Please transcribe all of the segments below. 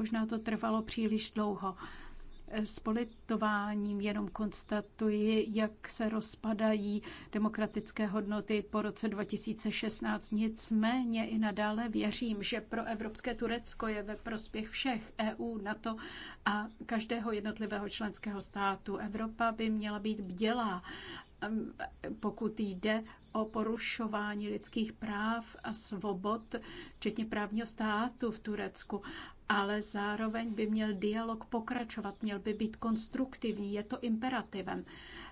možná to trvalo příliš dlouho. S politováním jenom konstatuji, jak se rozpadají demokratické hodnoty po roce 2016. Nicméně i nadále věřím, že pro evropské Turecko je ve prospěch všech EU, NATO a každého jednotlivého členského státu. Evropa by měla být bdělá um, pokud jde o porušování lidských práv a svobod, včetně právního státu v Turecku ale zároveň by měl dialog pokračovat, měl by být konstruktivní, je to imperativem.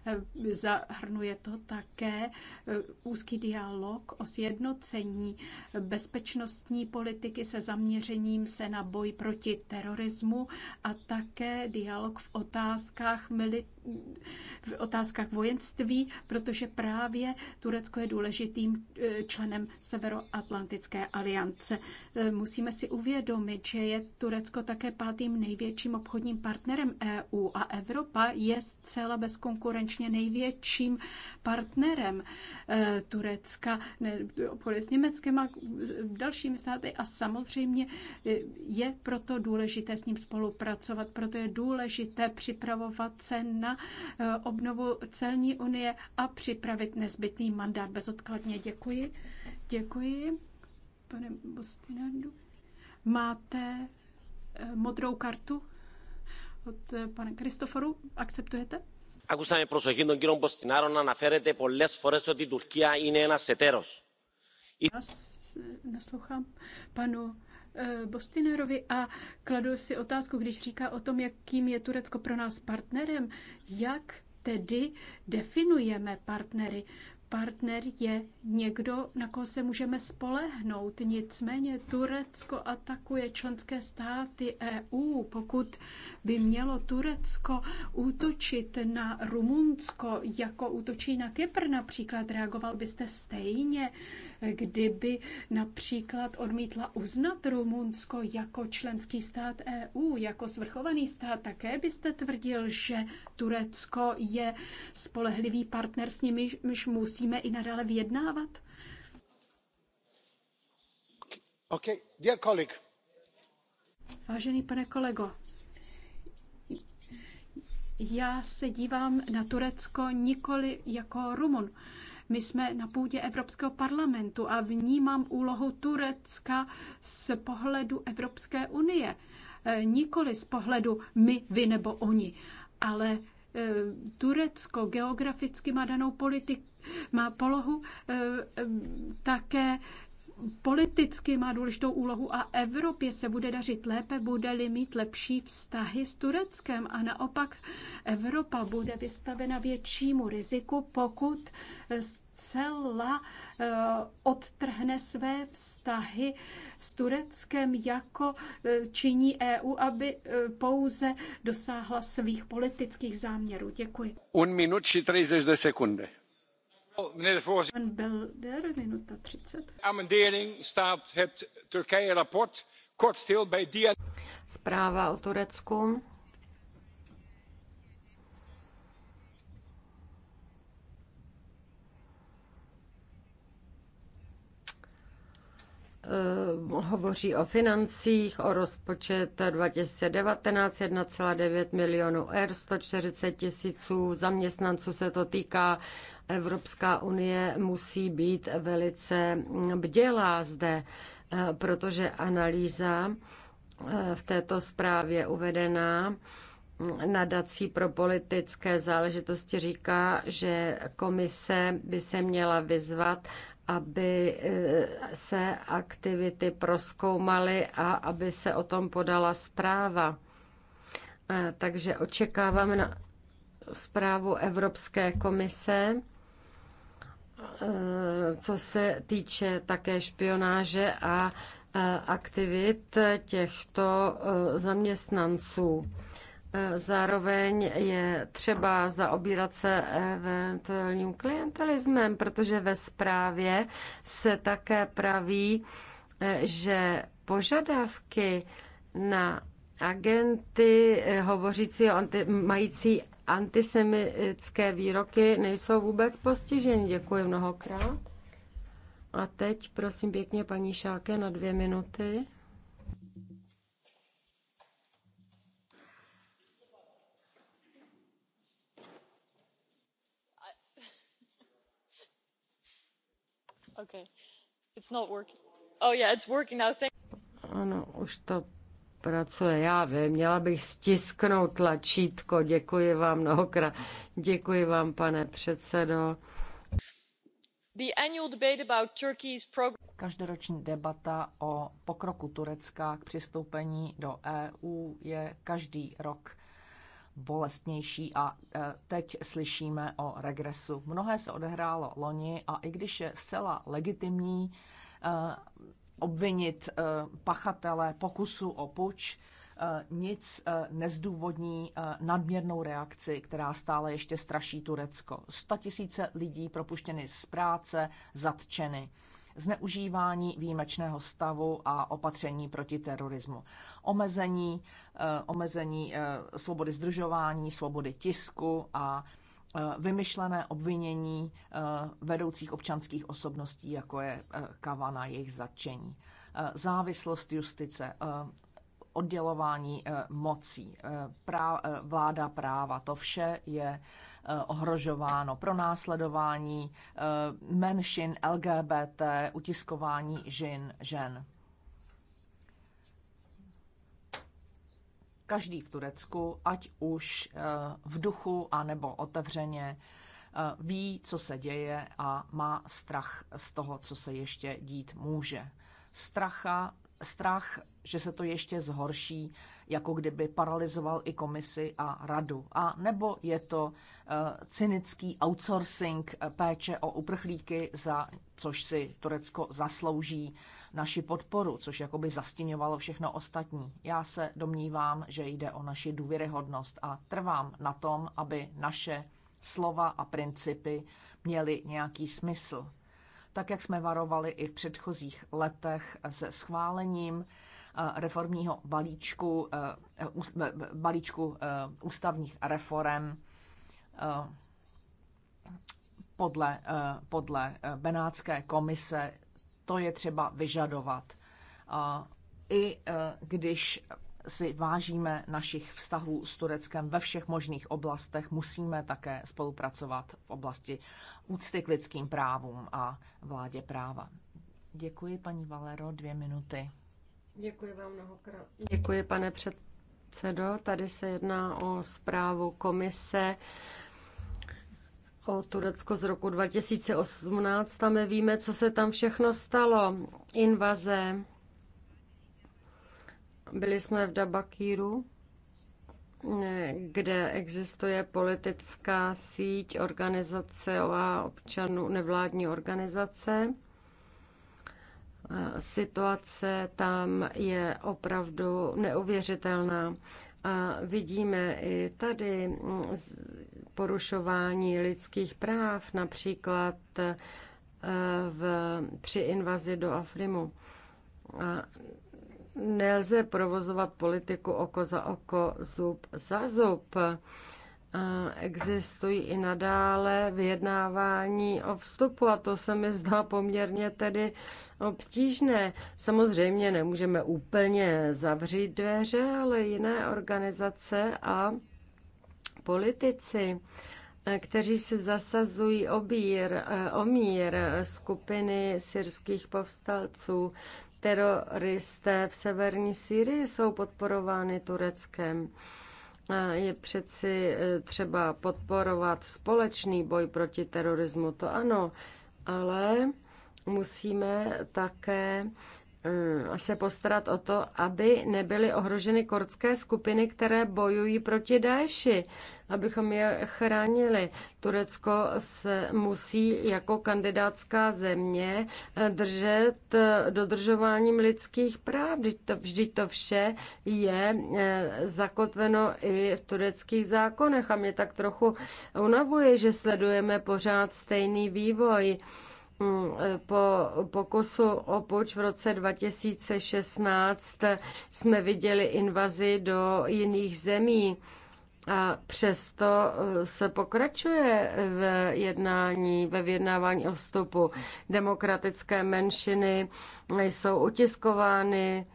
Eh, zahrnuje to také eh, úzký dialog o sjednocení bezpečnostní politiky se zaměřením se na boj proti terorismu a také dialog v otázkách, mili- v otázkách vojenství, protože právě Turecko je důležitým eh, členem Severoatlantické aliance. Musíme si uvědomit, že je Turecko také pátým největším obchodním partnerem EU a Evropa je zcela bezkonkurenční skutečně největším partnerem eh, Turecka, obchoduje s Německem a dalšími státy a samozřejmě eh, je proto důležité s ním spolupracovat, proto je důležité připravovat se na eh, obnovu celní unie a připravit nezbytný mandát bezodkladně. Děkuji. Děkuji, pane Bostinardu. Máte modrou kartu od pana Kristoforu. Akceptujete? άκουσα με προσοχή τον κύριο Μποστινάρο να αναφέρεται πολλές φορές ότι η Τουρκία είναι ένας εταίρος. Naslouchám panu eh, Bostinerovi a kladu si otázku, když říká o tom, jakým je Turecko pro nás partnerem, jak tedy definujeme partnery. Partner je někdo, na koho se můžeme spolehnout. Nicméně Turecko atakuje členské státy EU. Pokud by mělo Turecko útočit na Rumunsko, jako útočí na Kypr například, reagoval byste stejně, kdyby například odmítla uznat Rumunsko jako členský stát EU, jako svrchovaný stát, také byste tvrdil, že Turecko je spolehnout spolehlivý partner, s nimiž musíme i nadále vyjednávat? Okay, dear colleague. Vážený pane kolego, já se dívám na Turecko nikoli jako Rumun. My jsme na půdě Evropského parlamentu a vnímám úlohu Turecka z pohledu Evropské unie, e, nikoli z pohledu my, vy nebo oni, ale Eh, Turecko geograficky má danou politik, má polohu eh, eh, také politicky má důležitou úlohu a Evropě se bude dařit lépe, bude-li mít lepší vztahy s Tureckem a naopak Evropa bude vystavena většímu riziku, pokud zcela eh, odtrhne své vztahy s Tureckem, jako eh, činí EU, aby eh, pouze dosáhla svých politických záměrů. Děkuji. Un minut și 30 de secunde. Zpráva o Turecku Eh, hovoří o financích, o rozpočet 2019 1,9 milionů R, 140 tisíců zaměstnanců se to týká. Evropská unie musí být velice bdělá zde, eh, protože analýza eh, v této zprávě uvedená mm, nadací pro politické záležitosti říká, že komise by se měla vyzvat, aby eh, se aktivity proskoumaly a aby se o tom podala zpráva. Eh, takže očekáváme na zprávu Evropské komise, eh, co se týče také špionáže a aktivit těchto zaměstnanců. E, zároveň je třeba zaobírat se eventuálním klientelismem, protože ve zprávě se také praví, e, že požadavky na agenty e, hovořící o anti, mající antisemické výroky nejsou vůbec postiženy. Děkuji mnohokrát. A teď prosím pěkně paní Šáke na dvě minuty. Oh, ano, už to pracuje, já vím, měla bych stisknout tlačítko, děkuji vám mnohokrát, děkuji vám, pane předsedo. Každoroční debata o pokroku Turecka k přistoupení do EU je každý rok bolestnější a e, teď slyšíme o regresu. Mnohé se odehrálo loni a i když je zcela legitimní e, obvinit e, pachatele pokusu o puč, nic nezdůvodní nadměrnou reakci, která stále ještě straší Turecko. 100 tisíce lidí propuštěny z práce, zatčeny zneužívání výjimečného stavu a opatření proti terorismu. Omezení, eh, omezení eh, svobody združování, svobody tisku a eh, vymyšlené obvinění vedoucích občanských osobností, jako je kava na jejich zatčení. Závislost justice, oddělování mocí, vláda práva, to vše je Eh, ohrožováno pro následování eh, menšin LGBT, utiskování žen. žen. Každý v Turecku, ať už eh, v duchu anebo otevřeně, ví, co se děje a má strach z toho, co se ještě dít může. Stracha, strach, že se to ještě zhorší, jako kdyby paralizoval i komisi a radu. A nebo je to eh, cynický outsourcing eh, péče o uprchlíky, za což si Turecko zaslouží naši podporu, což jakoby zastěňovalo všechno ostatní. Já se domnívám, že jde o naši důvěryhodnost a trvám na tom, aby naše slova a principy měly nějaký smysl. Tak, jak jsme varovali i v předchozích letech eh, se schválením reformního balíčku, eh, balíčku eh, ústavních reform eh, podle, podle Benátské komise. To je třeba vyžadovat. I když si vážíme našich vztahů s Tureckem ve všech možných oblastech, musíme také spolupracovat v oblasti úcty k lidským právům a vládě práva. Děkuji, paní Valero, dvě minuty. Děkuji vám mnohokrát. Děkuji, pane předsedo. Tady se jedná o zprávu komise o Turecko z roku 2018. Tam víme, co se tam všechno stalo. Invaze. Byli jsme v Dabakíru, kde existuje politická síť organizace a občanů nevládní organizace. Situace tam je opravdu neuvěřitelná. A vidíme i tady porušování lidských práv, například eh, v, při invazi do Afrimu. A nelze provozovat politiku oko za oko, zub za zub existují i nadále vyjednávání o vstupu a to se mi zdá poměrně tedy obtížné. Samozřejmě nemůžeme úplně zavřít dveře, ale jiné organizace a politici, eh, kteří se zasazují o, bír, eh, o mír eh, skupiny syrských povstalců, teroristé v severní Syrii jsou podporovány Tureckem je přeci e, třeba podporovat společný boj proti terorismu, to ano, ale musíme také Eh, se postarat o to, aby nebyly ohroženy kurdské skupiny, které bojují proti Daeši, abychom je chránili. Turecko se musí jako kandidátská země eh, držet eh, dodržováním lidských práv. Vždyť to, vždyť to vše je zakotveno i v tureckých zákonech a mě tak trochu unavuje, že sledujeme pořád stejný vývoj Mm, po pokusu o puč v roce 2016 jsme viděli invazi do jiných zemí. A přesto eh, se pokračuje v jednání, ve vyjednávání o vstupu. Demokratické menšiny jsou utiskovány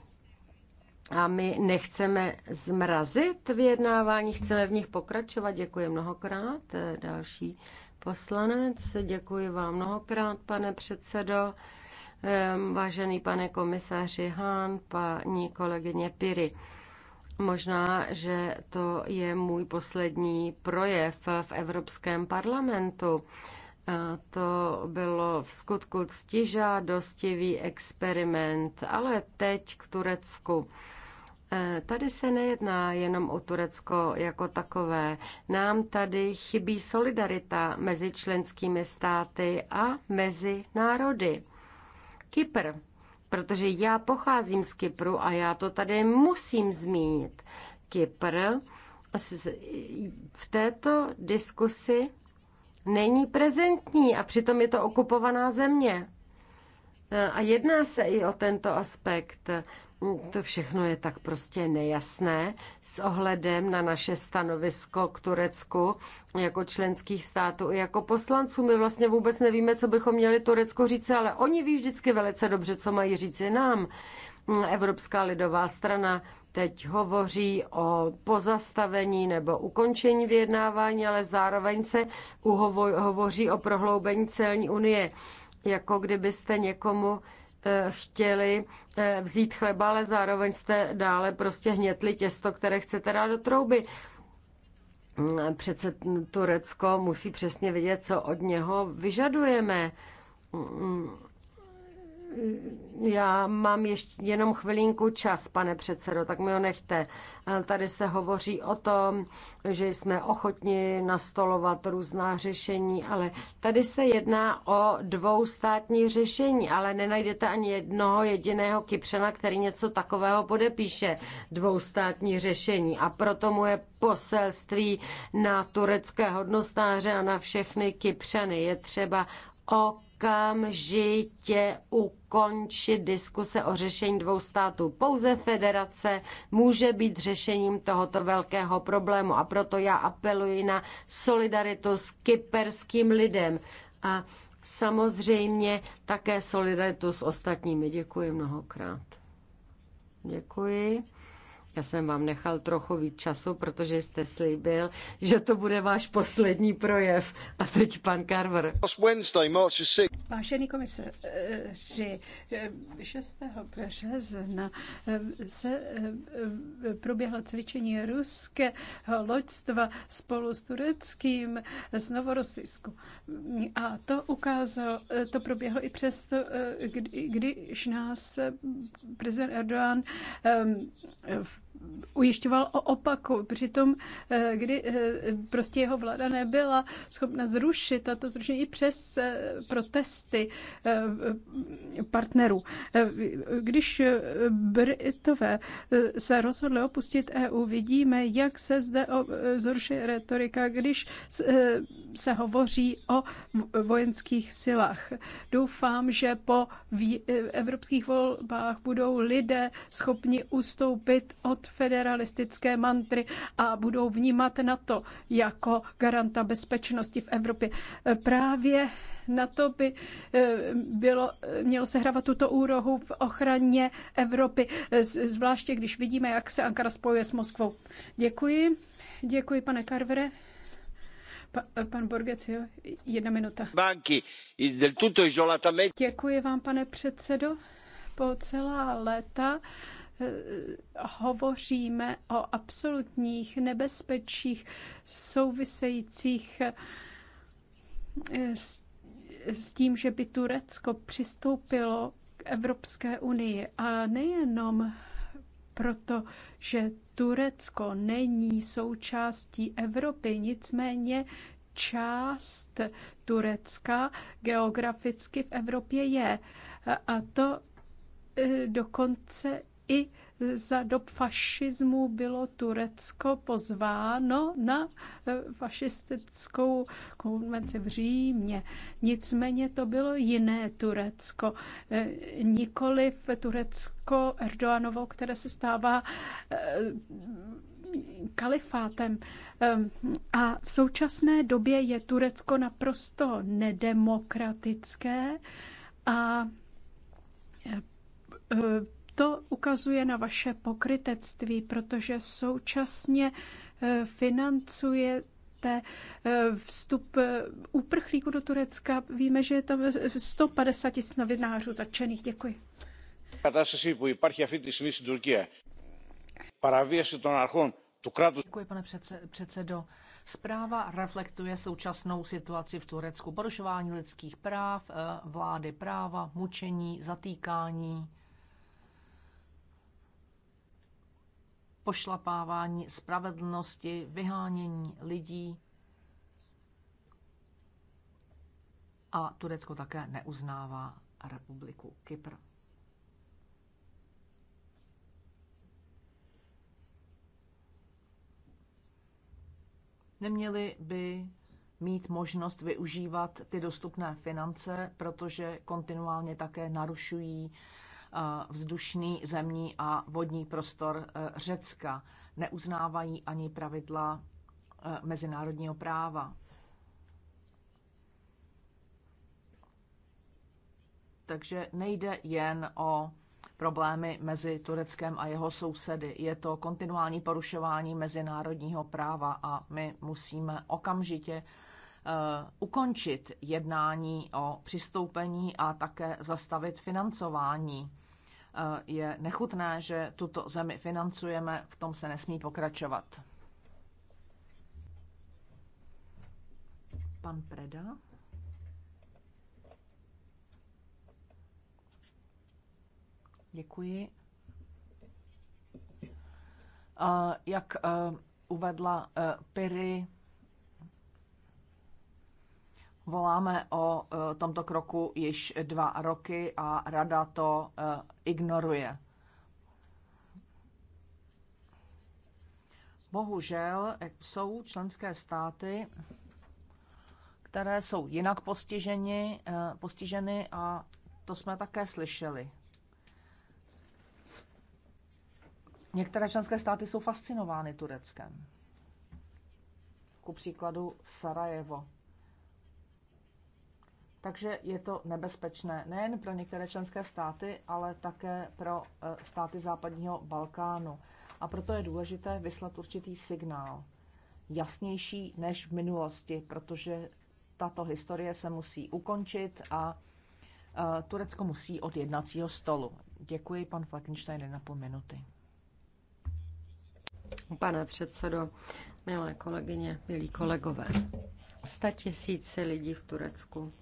a my nechceme zmrazit vyjednávání, chceme v nich pokračovat. Děkuji mnohokrát. Eh, další poslanec. Děkuji vám mnohokrát, pane předsedo, vážený pane komisaři Hán, paní kolegyně Piry. Možná, že to je můj poslední projev v Evropském parlamentu. To bylo v skutku ctižádostivý experiment, ale teď k Turecku. Eh, tady se nejedná jenom o Turecko jako takové. Nám tady chybí solidarita mezi členskými státy a mezi národy. Kypr, protože já pocházím z Kypru a já to tady musím zmínit. Kypr v této diskusi není prezentní a přitom je to okupovaná země. Eh, a jedná se i o tento aspekt. To všechno je tak prostě nejasné s ohledem na naše stanovisko k Turecku jako členských států i jako poslanců. My vlastně vůbec nevíme, co bychom měli Turecku říci, ale oni ví vždycky velice dobře, co mají říci nám. Evropská lidová strana teď hovoří o pozastavení nebo ukončení vyjednávání, ale zároveň se uhovo- hovoří o prohloubení celní unie, jako kdybyste někomu chtěli eh, vzít chleba, ale zároveň jste dále prostě hnětli těsto, které chcete dát do trouby. Mm, přece Turecko musí přesně vědět, co od něho vyžadujeme mm, já mám ještě jenom chvilinku čas, pane předsedo, tak mi ho nechte. Tady se hovoří o tom, že jsme ochotni nastolovat různá řešení, ale tady se jedná o dvoustátní řešení, ale nenajdete ani jednoho jediného Kypřana, který něco takového podepíše dvoustátní řešení. A proto mu je poselství na turecké hodnostáře a na všechny Kypřany je třeba o okamžitě ukončit diskuse o řešení dvou států. Pouze federace může být řešením tohoto velkého problému a proto já apeluji na solidaritu s kyperským lidem a samozřejmě také solidaritu s ostatními. Děkuji mnohokrát. Děkuji. Já jsem vám nechal trochu víc času, protože jste slíbil, že to bude váš poslední projev. A teď pan Carver. Vážený komisaři, eh, eh, 6. března eh, se proběhlo cvičení ruského loďstva spolu s tureckým z Novorosijsku. A to ukázalo, to proběhlo i přesto, když nás prezident Erdogan v ujišťoval o opaku. Přitom, eh, kdy eh, prostě jeho vláda nebyla schopna zrušit a to zrušení i přes eh, protesty partnerů. Když Britové se rozhodli opustit EU, vidíme, jak se zde zrušuje retorika, když se hovoří o vojenských silách. Doufám, že po evropských volbách budou lidé schopni ustoupit od od federalistické mantry a budou vnímat na to jako garanta bezpečnosti v Evropě. Právě na to by eh, bylo, mělo hrát tuto úrohu v ochraně Evropy, eh, zvláště když vidíme, jak se Ankara spojuje s Moskvou. Děkuji. Děkuji, pane Carvere. Pa, pan Borgecio, jedna minuta. Banky, del tutto Děkuji vám, pane předsedo. Po celá léta hovoříme o absolutních nebezpečích souvisejících eh, s, s tím, že by Turecko přistoupilo k Evropské unii. A nejenom proto, že Turecko není součástí Evropy, nicméně část Turecka geograficky v Evropě je. A to eh, dokonce i za dob fašismu bylo Turecko pozváno na eh, fašistickou konvenci v Římě. Nicméně to bylo jiné Turecko. Eh, Nikoli v Turecko Erdoganovo, které se stává eh, kalifátem. A v současné době je Turecko naprosto nedemokratické a to ukazuje na vaše pokrytectví, protože současně eh, financuje eh, vstup eh, uprchlíků do Turecka. Víme, že je tam 150 tisíc novinářů zatčených. Děkuji. Děkuji, pane předsedo. Zpráva reflektuje současnou situaci v Turecku. Porušování lidských práv, vlády práva, mučení, zatýkání pošlapávání spravedlnosti, vyhánění lidí. A Turecko také neuznává republiku Kypr. Neměli by mít možnost využívat ty dostupné finance, protože kontinuálně také narušují Eh, vzdušný, zemní a vodní prostor eh, Řecka. Neuznávají ani pravidla eh, mezinárodního práva. Takže nejde jen o problémy mezi Tureckem a jeho sousedy. Je to kontinuální porušování mezinárodního práva a my musíme okamžitě ukončit jednání o přistoupení a také zastavit financování Eh, je nechutné, že tuto zemi financujeme, v tom se nesmí pokračovat. Pan Preda. Děkuji. Eh, jak eh, uvedla Piri, Voláme o e, tomto kroku již dva roky a rada to e, ignoruje. Bohužel e, jsou členské státy, které jsou jinak postiženy, postiženy a to jsme také slyšeli. Některé členské státy jsou fascinovány Tureckem. Ku příkladu Sarajevo. Takže je to nebezpečné nejen pro některé členské státy, ale také pro e, státy západního Balkánu. A proto je důležité vyslat určitý signál, jasnější než v minulosti, protože tato historie se musí ukončit a e, Turecko musí od jednacího stolu. Děkuji, pan Fleckenstein, na půl minuty. Pane předsedo, milé kolegyně, milí kolegové, sta tisíce lidí v Turecku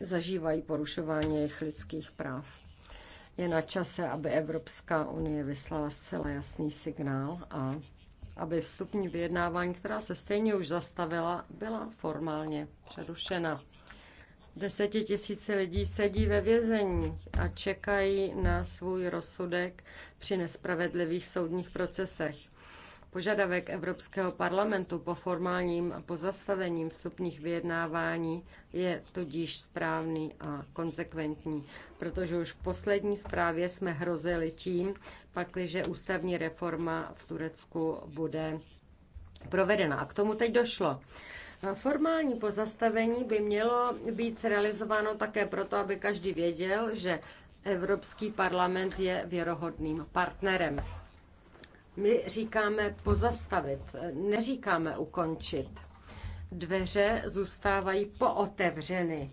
zažívají porušování jejich lidských práv. Je na čase, aby Evropská unie vyslala zcela jasný signál a aby vstupní vyjednávání, která se stejně už zastavila, byla formálně přerušena. Desetitisíce lidí sedí ve vězení a čekají na svůj rozsudek při nespravedlivých soudních procesech. Požadavek Evropského parlamentu po formálním pozastavení vstupních vyjednávání je tudíž správný a konsekventní, protože už v poslední zprávě jsme hrozili tím, pakliže ústavní reforma v Turecku bude provedena. A k tomu teď došlo. Formální pozastavení by mělo být realizováno také proto, aby každý věděl, že Evropský parlament je věrohodným partnerem. My říkáme pozastavit, neříkáme ukončit. Dveře zůstávají pootevřeny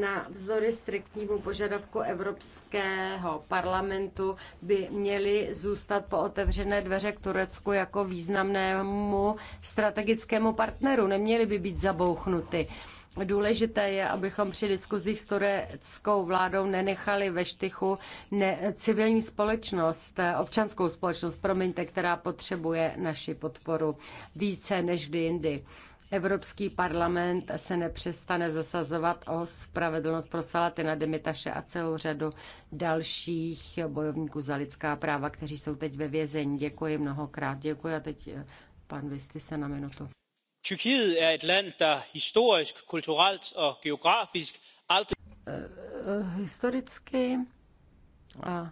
na vzdory striktnímu požadavku Evropského parlamentu by měly zůstat pootevřené dveře k Turecku jako významnému strategickému partneru. Neměly by být zabouchnuty. Důležité je, abychom při diskuzích s tureckou vládou nenechali ve štychu ne, civilní společnost, občanskou společnost, promiňte, která potřebuje naši podporu více než kdy jindy. Evropský parlament se nepřestane zasazovat o spravedlnost pro Salatina Demitaše a celou řadu dalších bojovníků za lidská práva, kteří jsou teď ve vězení. Děkuji mnohokrát. Děkuji a teď eh, pan Visty se na minutu tyrkiet er et land der historisk kulturelt og geografisk aldrig eh, historicky a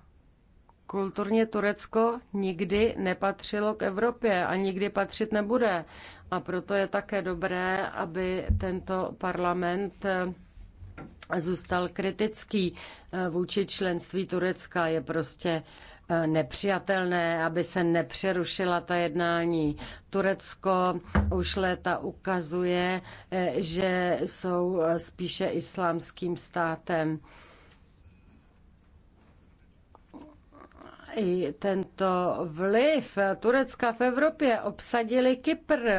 kulturně Turecko nikdy nepatřilo k Evropě a nikdy patřit nebude. A proto je také dobré, aby tento parlament eh, zůstal kritický eh, vůči členství Turecka. Je prostě E, nepřijatelné, aby se nepřerušila ta jednání. Turecko už léta ukazuje, e, že jsou e, spíše islámským státem. I tento vliv Turecka v Evropě obsadili Kypr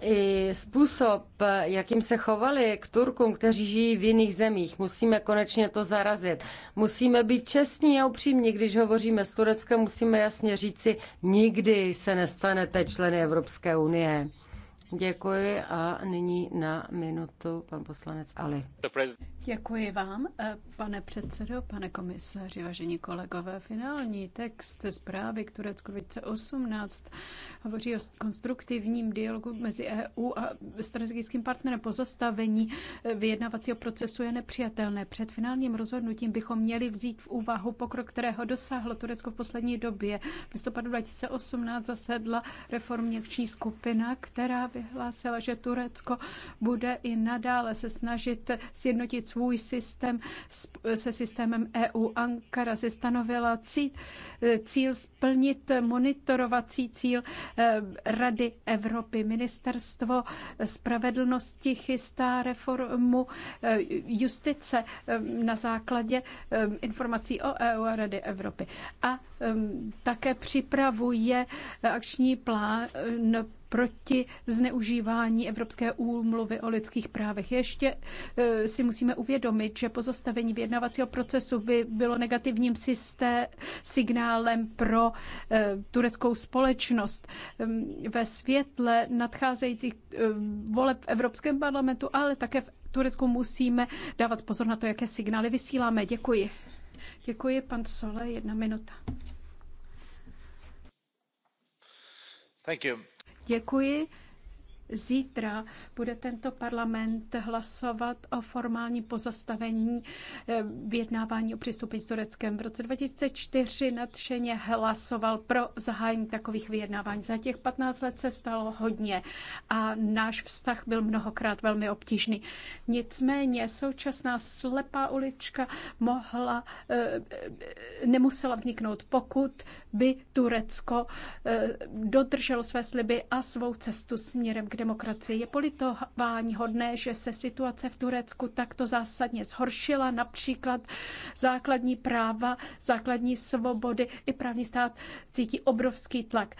i způsob, jakým se chovali k Turkům, kteří žijí v jiných zemích. Musíme konečně to zarazit. Musíme být čestní a upřímní, když hovoříme s Tureckem, musíme jasně říci, nikdy se nestanete členy Evropské unie. Děkuji a nyní na minutu pan poslanec Ali. Děkuji vám, eh, pane předsedo, pane komisaři, vážení kolegové. Finální text zprávy k Turecku 2018 hovoří o konstruktivním dialogu mezi EU a strategickým partnerem. Pozastavení eh, vyjednavacího procesu je nepřijatelné. Před finálním rozhodnutím bychom měli vzít v úvahu pokrok, kterého dosáhlo Turecko v poslední době. V listopadu 2018 zasedla reformní akční skupina, která vyhlásila, že Turecko bude i nadále se snažit sjednotit svůj systém se systémem EU. Ankara si stanovila cíl splnit monitorovací cíl eh, Rady Evropy. Ministerstvo spravedlnosti chystá reformu eh, justice eh, na základě informací o EU a Rady Evropy. A také připravuje akční plán proti zneužívání Evropské úmluvy o lidských právech. Ještě eh, si musíme uvědomit, že pozastavení vyjednavacího procesu by bylo negativním systém, signálem pro eh, tureckou společnost ehm, ve světle nadcházejících eh, voleb v Evropském parlamentu, ale také v Turecku musíme dávat pozor na to, jaké signály vysíláme. Děkuji. Děkuji, pan Sole, jedna minuta. Thank you. Děkuji. Zítra bude tento parlament hlasovat o formální pozastavení eh, vyjednávání o přistoupení s Tureckem. V roce 2004 nadšeně hlasoval pro zahájení takových vyjednávání. Za těch 15 let se stalo hodně a náš vztah byl mnohokrát velmi obtížný. Nicméně současná slepá ulička mohla, eh, nemusela vzniknout, pokud by Turecko eh, dodrželo své sliby a svou cestu směrem k demokracii. Je politování hodné, že se situace v Turecku takto zásadně zhoršila, například základní práva, základní svobody i právní stát cítí obrovský tlak.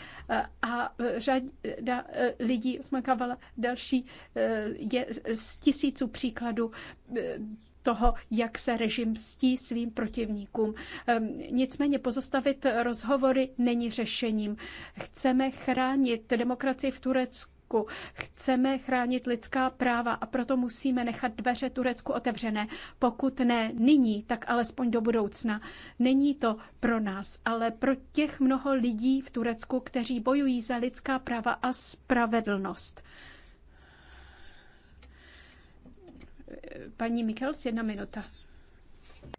A řada e, lidí, Osmankavala další, e, je z tisíců příkladů e, toho, jak se režim stí svým protivníkům. Ehm, nicméně pozastavit rozhovory není řešením. Chceme chránit demokracii v Turecku Turecku. Chceme chránit lidská práva a proto musíme nechat dveře Turecku otevřené. Pokud ne nyní, tak alespoň do budoucna. Není to pro nás, ale pro těch mnoho lidí v Turecku, kteří bojují za lidská práva a spravedlnost. Paní Michals, jedna minuta.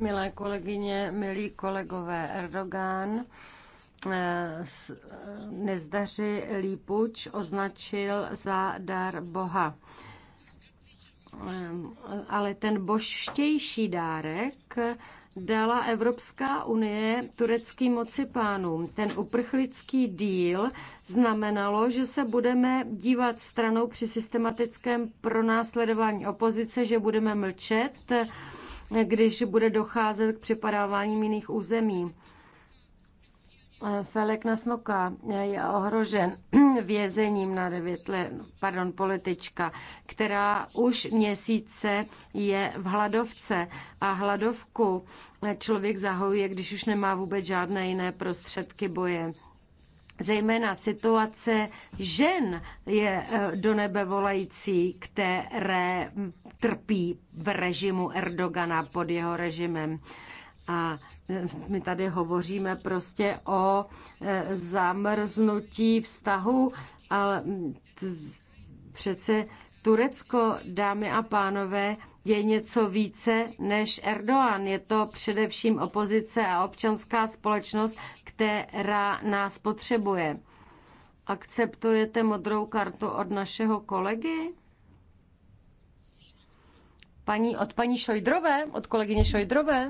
Milé kolegyně, milí kolegové, Erdogan Eh, eh, nezdaři Lípuč označil za dar Boha. Eh, ale ten božštější dárek dala Evropská unie tureckým mocipánům. Ten uprchlický díl znamenalo, že se budeme dívat stranou při systematickém pronásledování opozice, že budeme mlčet, když bude docházet k připadávání jiných území. Felek Nasnoka je ohrožen vězením na devět let, pardon, politička, která už měsíce je v hladovce a hladovku člověk zahojuje, když už nemá vůbec žádné jiné prostředky boje zejména situace žen je eh, do nebe volající, které trpí v režimu Erdogana pod jeho režimem. A my tady hovoříme prostě o e, zamrznutí vztahu, ale přece Turecko, dámy a pánové, je něco více než Erdoğan. Je to především opozice a občanská společnost, která nás potřebuje. Akceptujete modrou kartu od našeho kolegy? Paní, od paní Šojdrové, od kolegyně Šojdrové?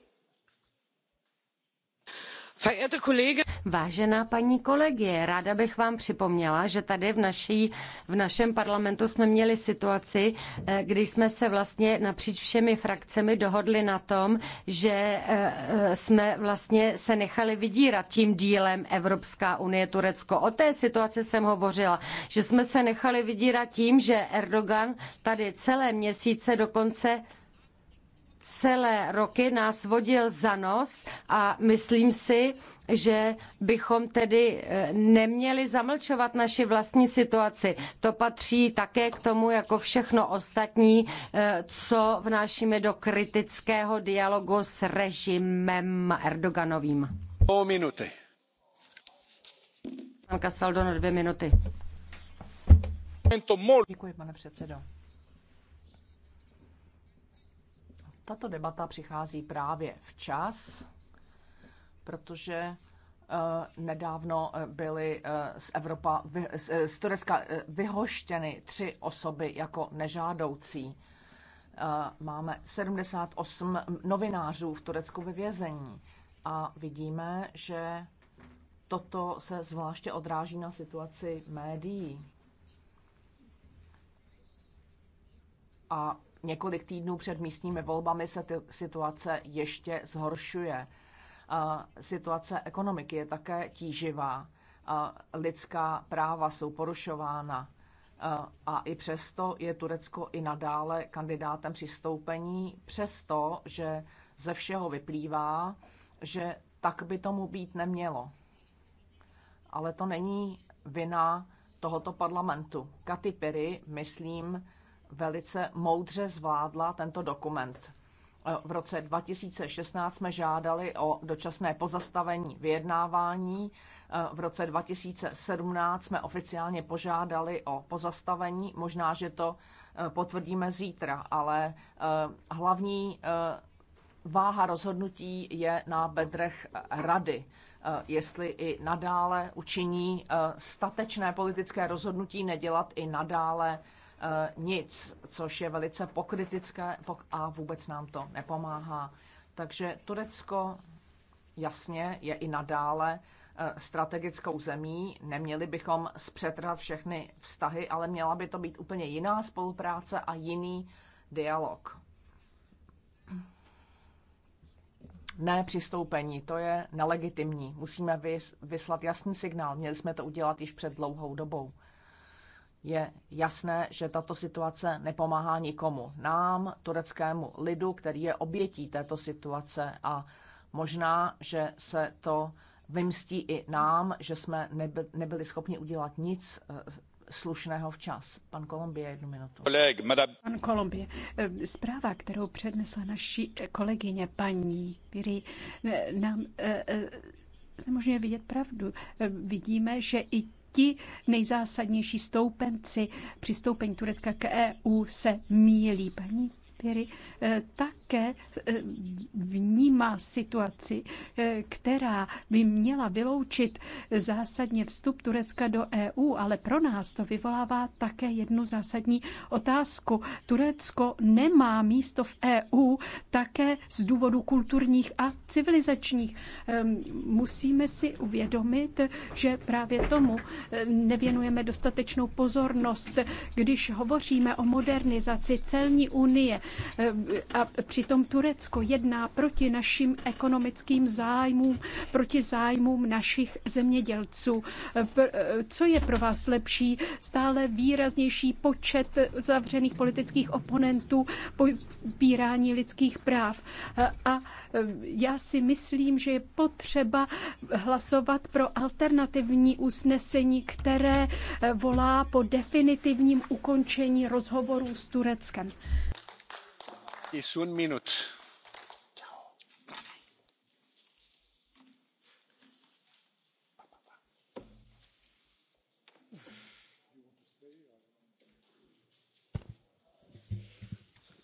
Vážená paní kolegie, ráda bych vám připomněla, že tady v, naší, v našem parlamentu jsme měli situaci, eh, kdy jsme se vlastně napříč všemi frakcemi dohodli na tom, že eh, eh, jsme vlastně se nechali vydírat tím dílem Evropská unie Turecko. O té situaci jsem hovořila, že jsme se nechali vydírat tím, že Erdogan tady celé měsíce dokonce celé roky nás vodil za nos a myslím si, že bychom tedy eh, neměli zamlčovat naši vlastní situaci. To patří také k tomu, jako všechno ostatní, eh, co vnášíme do kritického dialogu s režimem Erdoganovým. O minuty. Pan Castaldo, dvě minuty. Děkuji, pane předsedo Tato debata přichází právě včas, protože eh, nedávno eh, byly eh, z, Evropa, z Turecka vyhoštěny tři osoby jako nežádoucí. Máme 78 novinářů v Turecku ve vězení a vidíme, že toto se zvláště odráží na situaci médií. A Několik týdnů před místními volbami se situace ještě zhoršuje. Situace ekonomiky je také tíživá. Lidská práva jsou porušována. A i přesto je Turecko i nadále kandidátem přistoupení, přesto, že ze všeho vyplývá, že tak by tomu být nemělo. Ale to není vina tohoto parlamentu. Katy Perry, myslím, velice moudře zvládla tento dokument. Eh, v roce 2016 jsme žádali o dočasné pozastavení vyjednávání. Eh, v roce 2017 jsme oficiálně požádali o pozastavení. Možná, že to eh, potvrdíme zítra, ale hlavní váha rozhodnutí je na bedrech rady. Jestli i nadále učiní statečné politické rozhodnutí nedělat i nadále Eh, nic, což je velice pokritické a vůbec nám to nepomáhá. Takže Turecko jasně je i nadále eh, strategickou zemí. Neměli bychom zpřetrat všechny vztahy, ale měla by to být úplně jiná spolupráce a jiný dialog. Ne přistoupení, to je nelegitimní. Musíme vyslat jasný signál. Měli jsme to udělat již před dlouhou dobou. Je jasné, že tato situace nepomáhá nikomu. Nám, tureckému lidu, který je obětí této situace a možná, že se to vymstí i nám, že jsme nebyli schopni udělat nic eh, slušného včas. Pan Kolumbie, jednu minutu. Pan Kolumbie, eh, zpráva, kterou přednesla naší kolegyně paní Piri, nám eh, znemožňuje vidět pravdu. Vidíme, že i ti nejzásadnější stoupenci přistoupení Turecka k EU se mílí. Paní Pěry eh, také eh, vnímá situaci, eh, která by měla vyloučit zásadně vstup Turecka do EU, ale pro nás to vyvolává také jednu zásadní otázku. Turecko nemá místo v EU také z důvodu kulturních a civilizačních. Musíme si uvědomit, že právě tomu nevěnujeme dostatečnou pozornost, když hovoříme o modernizaci celní unie, a přitom Turecko jedná proti našim ekonomickým zájmům, proti zájmům našich zemědělců. Co je pro vás lepší? Stále výraznější počet zavřených politických oponentů, popírání lidských práv. A já si myslím, že je potřeba hlasovat pro alternativní usnesení, které volá po definitivním ukončení rozhovorů s Tureckem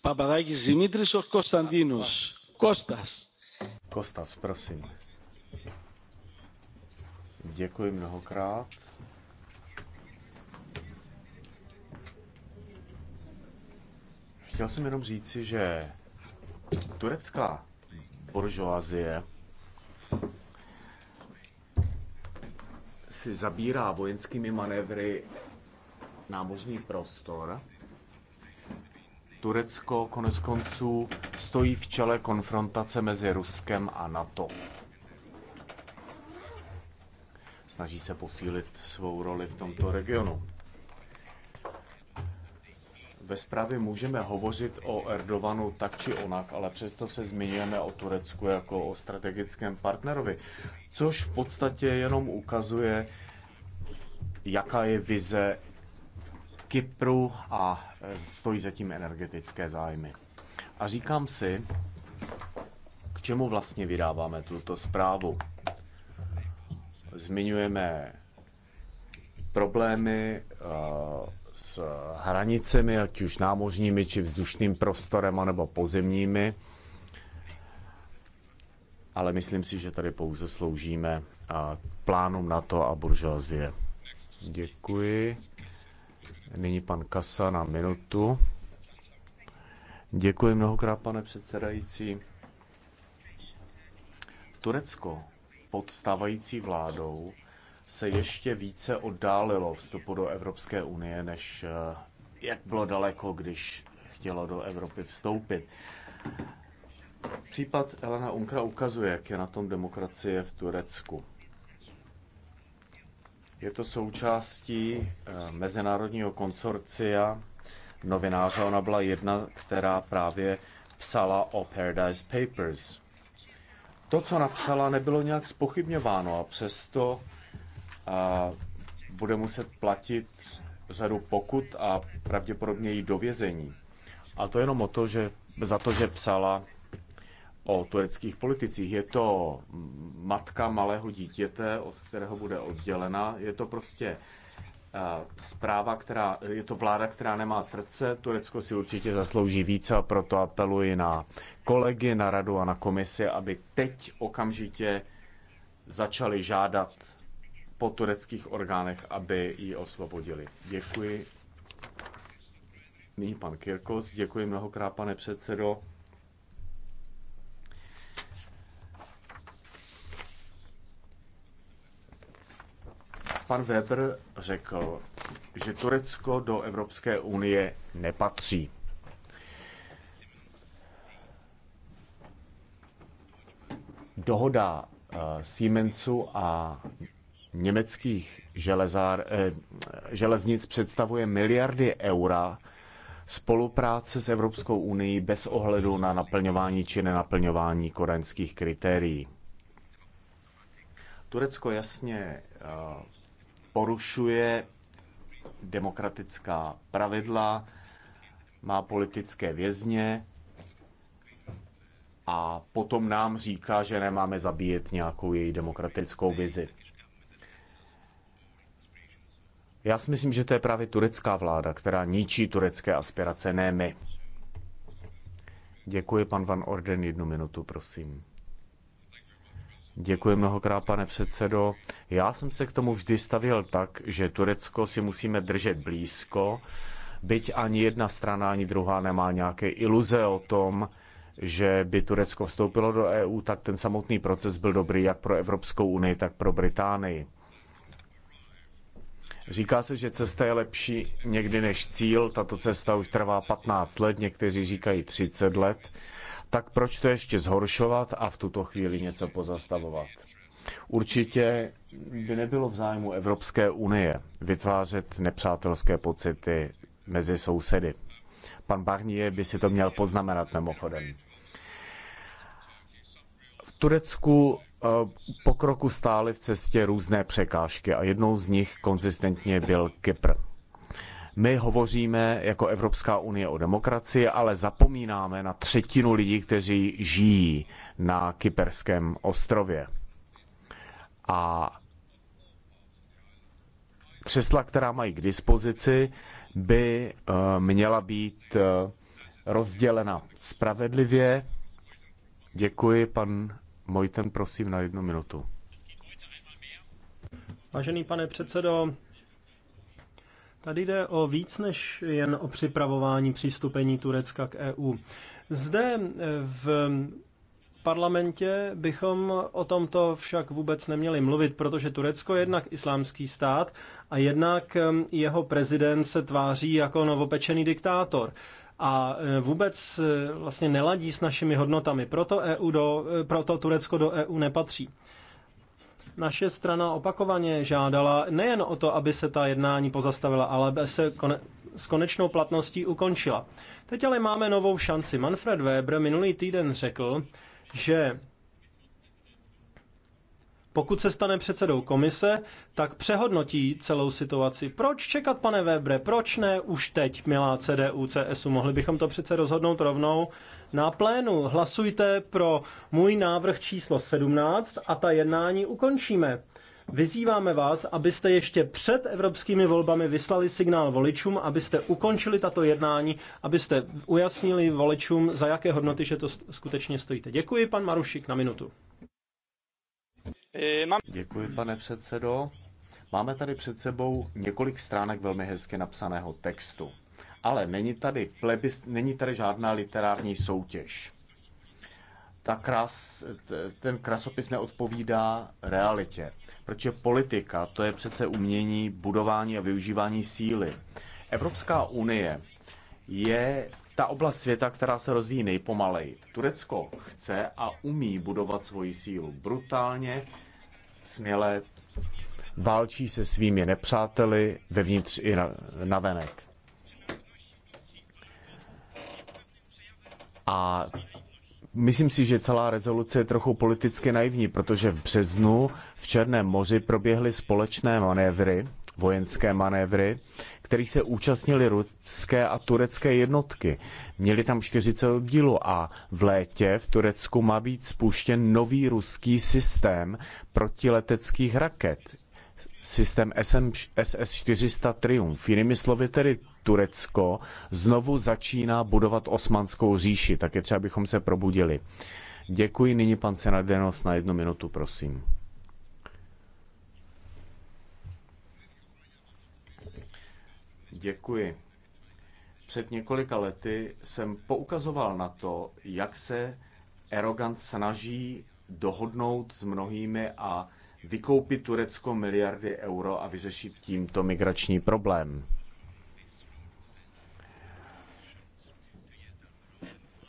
papadakis dimitris or konstantinos? kostas. kostas prosím. Děkuji mnohokrát. Chtěl jsem jenom říci, že turecká buržoazie si zabírá vojenskými manévry námořní prostor. Turecko konec konců stojí v čele konfrontace mezi Ruskem a NATO. Snaží se posílit svou roli v tomto regionu. Ve zprávě můžeme hovořit o Erdovanu tak či onak, ale přesto se zmiňujeme o Turecku jako o strategickém partnerovi, což v podstatě jenom ukazuje, jaká je vize Kypru a e, stojí zatím energetické zájmy. A říkám si, k čemu vlastně vydáváme tuto zprávu. Zmiňujeme problémy e, s eh, hranicemi, ať už námořními, či vzdušným prostorem, anebo pozemními. Ale myslím si, že tady pouze sloužíme eh, plánům na to a buržoazie. Děkuji. Nyní pan Kasa na minutu. Děkuji mnohokrát, pane předsedající. Turecko pod stávající vládou se ještě více oddálilo vstupu do Evropské unie, než eh, jak bylo daleko, když chtělo do Evropy vstoupit. Případ Elena Unkra ukazuje, jak je na tom demokracie v Turecku. Je to součástí eh, mezinárodního konsorcia novináře. Ona byla jedna, která právě psala o Paradise Papers. To, co napsala, nebylo nějak spochybňováno a přesto a bude muset platit řadu pokut a pravděpodobně i do vězení. A to jenom o to, že za to, že psala o tureckých politicích. Je to matka malého dítěte, od kterého bude oddělena. Je to prostě eh, zpráva, která, je to vláda, která nemá srdce. Turecko si určitě zaslouží více a proto apeluji na kolegy, na radu a na komisi, aby teď okamžitě začali žádat po tureckých orgánech, aby ji osvobodili. Děkuji. Nyní pan Kirkos, děkuji mnohokrát, pane předsedo. Pan Weber řekl, že Turecko do Evropské unie nepatří. Dohoda eh, Siemensu a německých železár, eh, železnic představuje miliardy eura spolupráce s Evropskou unii bez ohledu na naplňování či nenaplňování kodaňských kritérií. Turecko jasně eh, porušuje demokratická pravidla, má politické vězně a potom nám říká, že nemáme zabíjet nějakou její demokratickou vizi. Já si myslím, že to je právě turecká vláda, která ničí turecké aspirace, ne my. Děkuji, pan Van Orden, jednu minutu, prosím. Děkuji mnohokrát, pane předsedo. Já jsem se k tomu vždy stavil tak, že Turecko si musíme držet blízko, byť ani jedna strana, ani druhá nemá nějaké iluze o tom, že by Turecko vstoupilo do EU, tak ten samotný proces byl dobrý jak pro Evropskou unii, tak pro Británii. Říká se, že cesta je lepší někdy než cíl. Tato cesta už trvá 15 let, někteří říkají 30 let. Tak proč to ještě zhoršovat a v tuto chvíli něco pozastavovat? Určitě by nebylo v zájmu Evropské unie vytvářet nepřátelské pocity mezi sousedy. Pan Barnier by si to měl poznamenat mimochodem. V Turecku Eh, pokroku stály v cestě různé překážky a jednou z nich konzistentně byl Kypr. My hovoříme jako Evropská unie o demokracii, ale zapomínáme na třetinu lidí, kteří žijí na kyperském ostrově. A křesla, která mají k dispozici, by eh, měla být eh, rozdělena spravedlivě. Děkuji, pan Mojten, prosím, na jednu minutu. Vážený pane předsedo, tady jde o víc než jen o připravování přístupení Turecka k EU. Zde eh, v parlamentě bychom o tomto však vůbec neměli mluvit, protože Turecko je jednak islámský stát a jednak eh, jeho prezident se tváří jako novopečený diktátor a e, vůbec e, vlastně neladí s našimi hodnotami. Proto, EU do, e, proto Turecko do EU nepatří. Naše strana opakovaně žádala nejen o to, aby se ta jednání pozastavila, ale aby se kone, s konečnou platností ukončila. Teď ale máme novou šanci. Manfred Weber minulý týden řekl, že pokud se stane předsedou komise, tak přehodnotí celou situaci. Proč čekat, pane Webre, proč ne už teď, milá CDU, CSU? Mohli bychom to přece rozhodnout rovnou na plénu. Hlasujte pro můj návrh číslo 17 a ta jednání ukončíme. Vyzýváme vás, abyste ještě před evropskými volbami vyslali signál voličům, abyste ukončili tato jednání, abyste ujasnili voličům, za jaké hodnoty, že to skutečně stojíte. Děkuji, pan Marušik, na minutu. E, Děkuji, pane předsedo. Máme tady před sebou několik stránek velmi hezky napsaného textu. Ale není tady, plebis, není tady žádná literární soutěž. Ta kras, ten krasopis neodpovídá realitě, protože politika to je přece umění budování a využívání síly. Evropská unie je ta oblast světa, která se rozvíjí nejpomaleji. Turecko chce a umí budovat svoji sílu brutálně, směle, válčí se svými nepřáteli vevnitř i na venek. A myslím si, že celá rezoluce je trochu politicky naivní, protože v březnu v Černém moři proběhly společné manévry vojenské manévry, kterých se účastnili ruské a turecké jednotky. Měli tam 40 oddílů a v létě v Turecku má být spuštěn nový ruský systém protileteckých raket. Systém SM, SS-400 Triumph. Jinými slovy tedy Turecko znovu začíná budovat osmanskou říši, tak je třeba, abychom se probudili. Děkuji, nyní pan Senadenos na jednu minutu, prosím. Děkuji. Před několika lety jsem poukazoval na to, jak se Erdogan snaží dohodnout s mnohými a vykoupit Turecko miliardy euro a vyřešit tímto migrační problém.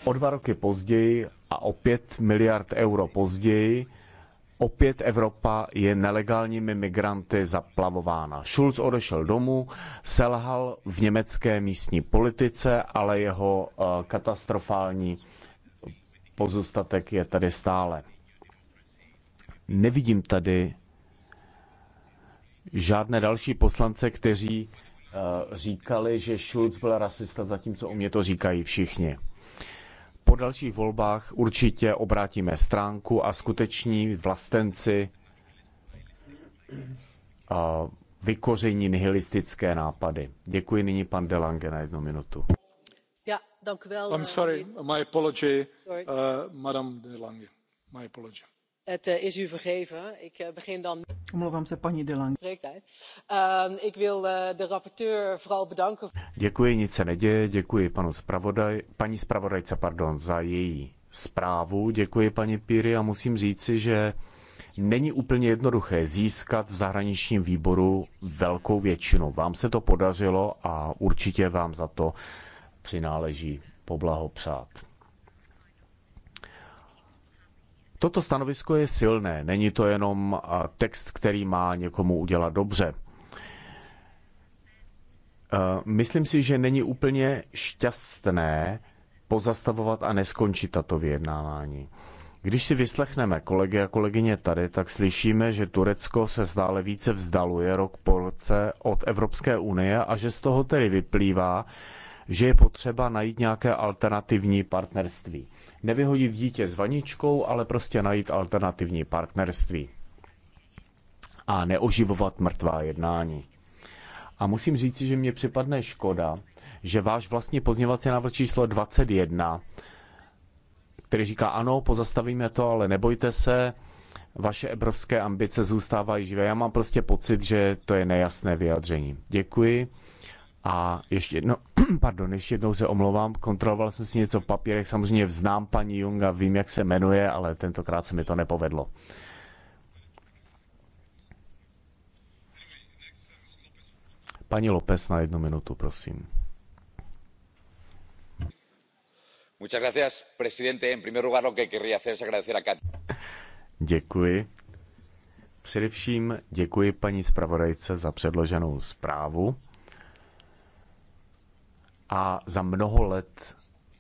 O dva roky později a o pět miliard euro později opět Evropa je nelegálními migranty zaplavována. Schulz odešel domů, selhal v německé místní politice, ale jeho eh, katastrofální pozůstatek je tady stále. Nevidím tady žádné další poslance, kteří eh, říkali, že Schulz byl rasista, zatímco o mě to říkají všichni po dalších volbách určitě obrátíme stránku a skuteční vlastenci vykoření nihilistické nápady. Děkuji nyní pan Delange na jednu minutu. I'm eh, sorry, my apology, uh, Madame Delange. My apology Eh, eh, Omlouvám se, paní Delang. Ehm, ik wil eh, de rapporteur vooral bedanken. Děkuji, nic se neděje. Děkuji panu zpravodaj, paní zpravodajce pardon, za její zprávu. Děkuji paní Píry a musím říci, že není úplně jednoduché získat v zahraničním výboru velkou většinu. Vám se to podařilo a určitě vám za to přináleží poblahopřát. Toto stanovisko je silné, není to jenom text, který má někomu udělat dobře. E, myslím si, že není úplně šťastné pozastavovat a neskončit tato vyjednávání. Když si vyslechneme kolegy a kolegyně tady, tak slyšíme, že Turecko se stále více vzdaluje rok po roce od Evropské unie a že z toho tedy vyplývá, že je potřeba najít nějaké alternativní partnerství. Nevyhodit dítě s vaničkou, ale prostě najít alternativní partnerství. A neoživovat mrtvá jednání. A musím říct, že mě připadne škoda, že váš vlastní pozněvací návrh číslo 21, který říká ano, pozastavíme to, ale nebojte se, vaše evropské ambice zůstávají živé. Já mám prostě pocit, že to je nejasné vyjádření. Děkuji. A ještě jedno, pardon, ještě jednou se omlouvám, kontroloval jsem si něco v papírech, samozřejmě vznám paní Junga, vím, jak se jmenuje, ale tentokrát se mi to nepovedlo. Paní López na jednu minutu, prosím. Muchas gracias, presidente. En primer lugar, lo que querría hacer es agradecer a Katy. Děkuji. Především děkuji paní zpravodajce za předloženou zprávu a za mnoho let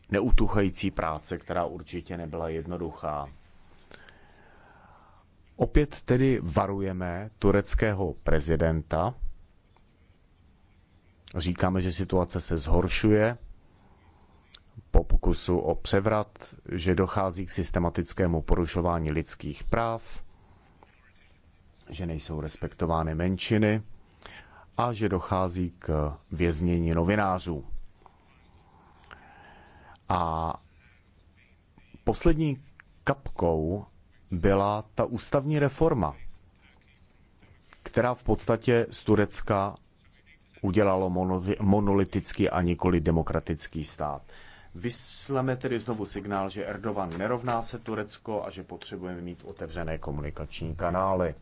neutuchající práce, která určitě nebyla jednoduchá. Opět tedy varujeme tureckého prezidenta. Říkáme, že situace se zhoršuje po pokusu o převrat, že dochází k systematickému porušování lidských práv, že nejsou respektovány menšiny a že dochází k věznění novinářů. A poslední kapkou byla ta ústavní reforma, která v podstatě z Turecka udělalo monolitický a nikoli demokratický stát. Vysleme tedy znovu signál, že Erdogan nerovná se Turecko a že potřebujeme mít otevřené komunikační kanály.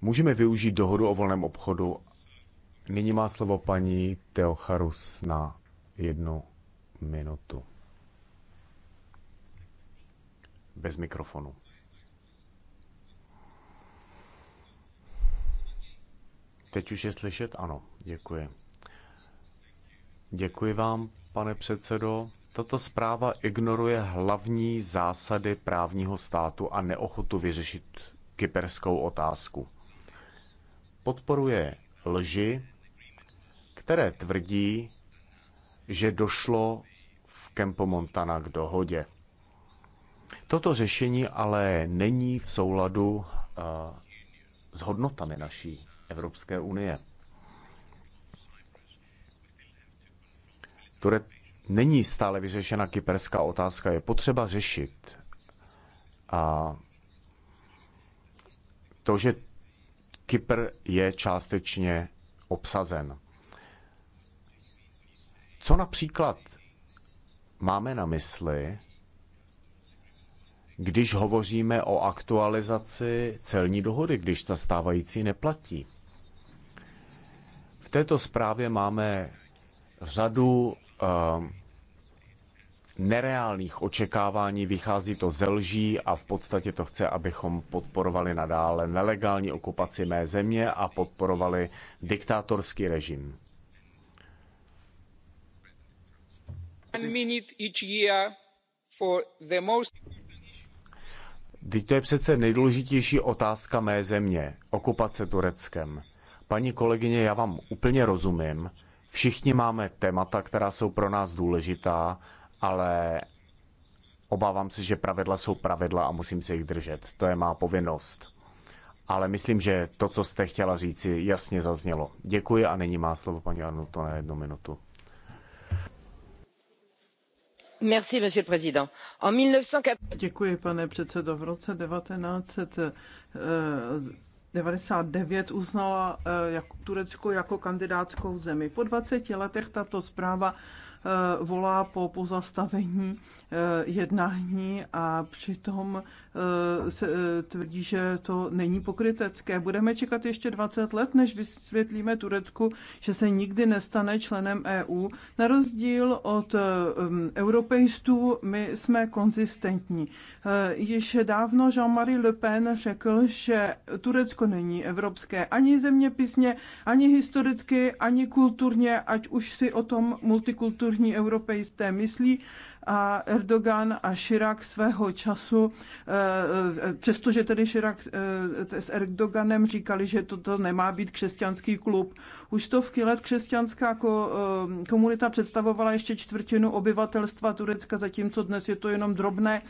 Můžeme využít dohodu o volném obchodu Nyní má slovo paní Teocharus na jednu minutu. Bez mikrofonu. Teď už je slyšet? Ano, děkuji. Děkuji vám, pane předsedo. Tato zpráva ignoruje hlavní zásady právního státu a neochotu vyřešit kyperskou otázku. Podporuje lži, které tvrdí, že došlo v Kempo Montana k dohodě. Toto řešení ale není v souladu uh, s hodnotami naší Evropské unie. Ture, není stále vyřešena kyperská otázka, je potřeba řešit. A to, že Kypr je částečně obsazen. Co například máme na mysli, když hovoříme o aktualizaci celní dohody, když ta stávající neplatí? V této zprávě máme řadu uh, nereálných očekávání, vychází to ze lží a v podstatě to chce, abychom podporovali nadále nelegální okupaci mé země a podporovali diktátorský režim. Teď to je přece nejdůležitější otázka mé země, okupace Tureckem. Paní kolegyně, já vám úplně rozumím. Všichni máme témata, která jsou pro nás důležitá, ale obávám se, že pravidla jsou pravidla a musím se jich držet. To je má povinnost. Ale myslím, že to, co jste chtěla říci, jasně zaznělo. Děkuji a nyní má slovo paní Arnuto na jednu minutu. Děkuji, pane předsedo. V roce 1999 eh, uznala eh, Turecko jako kandidátskou zemi. Po 20 letech tato zpráva eh, volá po pozastavení Eh, jednání a přitom eh, se eh, tvrdí, že to není pokrytecké. Budeme čekat ještě 20 let, než vysvětlíme Turecku, že se nikdy nestane členem EU. Na rozdíl od mm, europejstů, my jsme konzistentní. Již dávno Jean-Marie Le Pen řekl, že Turecko není evropské ani zeměpisně, ani historicky, ani kulturně, ať už si o tom multikulturní europejsté myslí, a Erdogan a Širak svého času, eh, eh, přestože tedy Širak eh, s Erdoganem říkali, že toto nemá být křesťanský klub. Už stovky let křesťanská komunita představovala ještě čtvrtinu obyvatelstva Turecka, zatímco dnes je to jenom drobné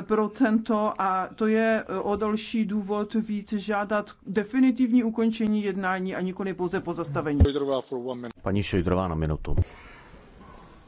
procento a to je o další důvod víc žádat definitivní ukončení jednání a nikoli pouze pozastavení. Paní Šojdrová na minutu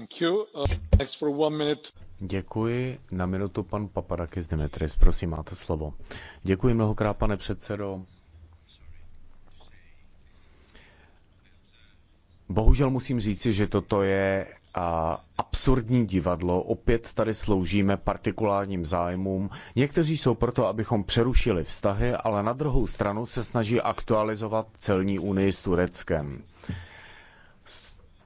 Uh, Děkuji. Na minutu pan Paparakis Dimitris, prosím, máte slovo. Děkuji mnohokrát, pane předsedo. Bohužel musím říci, že toto je a absurdní divadlo. Opět tady sloužíme partikulárním zájmům. Někteří jsou proto, abychom přerušili vztahy, ale na druhou stranu se snaží aktualizovat celní unii s Tureckem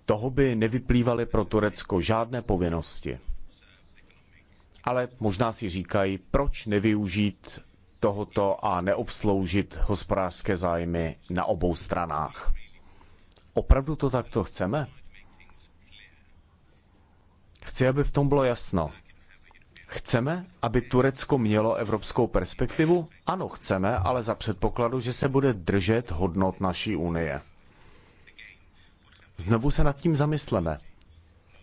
toho by nevyplývaly pro Turecko žádné povinnosti. Ale možná si říkají, proč nevyužít tohoto a neobsloužit hospodářské zájmy na obou stranách. Opravdu to takto chceme? Chci, aby v tom bylo jasno. Chceme, aby Turecko mělo evropskou perspektivu? Ano, chceme, ale za předpokladu, že se bude držet hodnot naší unie. Znovu se nad tím zamysleme.